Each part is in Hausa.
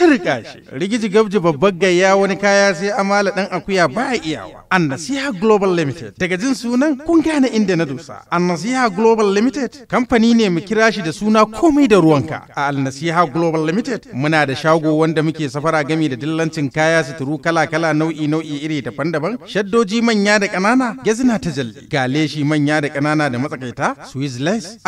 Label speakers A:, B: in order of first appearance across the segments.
A: ta riƙa shi rigiji gabji babbar gayya wani kaya sai amala dan akuya ba iyawa annasiha global limited daga jin sunan kun gane inda na dusa annasiha global limited kamfani ne mu kira shi da suna komai da ruwanka a annasiha global limited muna da shago wanda muke safara gami da dillancin kaya suturu kala kala nau'i nau'i iri daban-daban shaddoji manya da ƙanana gazina ta jalli galeshi manya da ƙanana da matsakaita swiss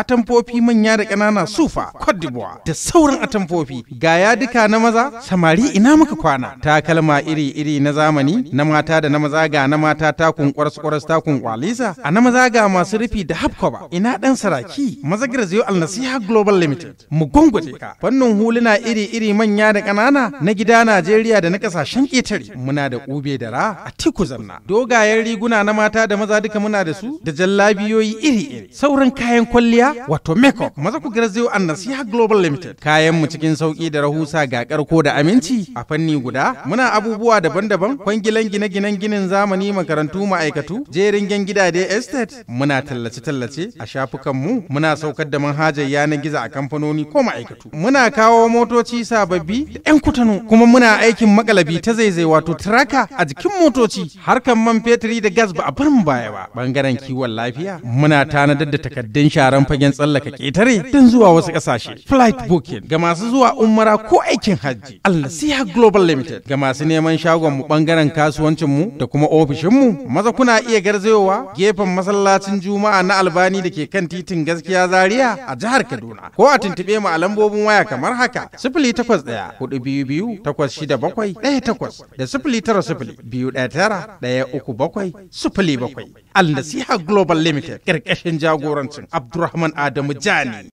A: atamfofi manya da ƙanana sufa cote d'ivoire da sauran atamfofi gaya duka na maza maza samari ina muka kwana takalma iri-iri na zamani na mata da na maza ga na mata takun kwaras takun kwalisa a na maza ga masu rufi da ba ina dan saraki maza garzayo nasiha global limited mu gwangwaje ka fannin huluna iri-iri manya da kanana. na gida najeriya da na ƙasashen ketare muna da ube da ra a tiku zanna dogayen riguna na mata da maza duka muna da su da jallabiyoyi iri-iri sauran kayan kwalliya wato makeup maza ku garzayo nasiha global limited kayan mu cikin sauki da rahusa ga karko ko da aminci a fanni guda muna abubuwa daban-daban kwangilan gine-ginen ginin zamani makarantu ma'aikatu jerin gida gidaje estate muna tallace-tallace a shafukanmu. muna saukar da manhajar yanar gizo a kamfanoni ko ma'aikatu muna kawo motoci sababbi da 'yan kutanu. kuma muna aikin makalabi ta zaizai wato traka a jikin motoci harkan man fetiri da gas ba a bar mu baya ba bangaren kiwon lafiya muna tanadar da takaddun sharan fagen tsallaka ketare don zuwa wasu kasashe flight booking ga masu zuwa umara ko aikin hajji Bauchi. Allah Global Limited ga masu neman shagon mu bangaren kasuwancin mu da kuma ofishin mu maza kuna iya garzayowa gefen masallacin Juma'a na Albani da ke kan titin gaskiya Zaria a jihar Kaduna ko a tuntube mu a lambobin waya kamar haka 081 422 867 da 090 219 bakwai 07 bakwai. Global Limited ƙarƙashin jagorancin Abdulrahman Adamu Jani.